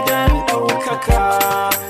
gidan ɗaukaka oh,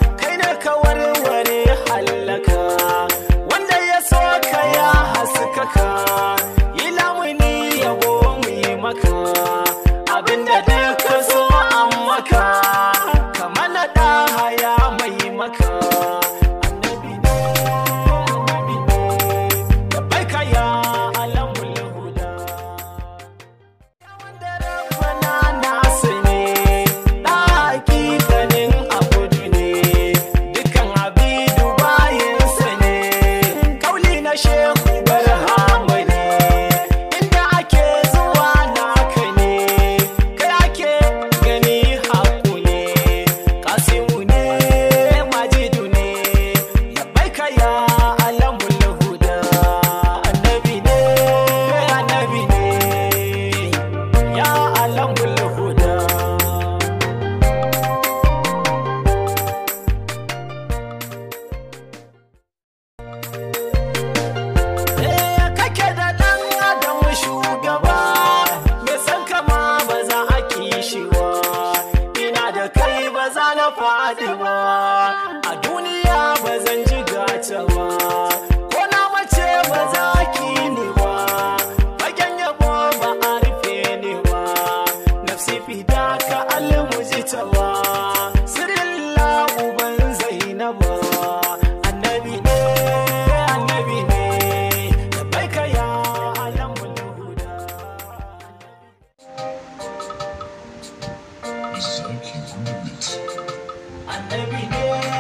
faɗi a duniya ba zan ji gata ba ko na mace ba za ki ni ba fagen ba a rufe ni ba nafsi fida ka almuji ta ba sirilla uban zainaba annabi ne annabi ne da bai ka ya every day.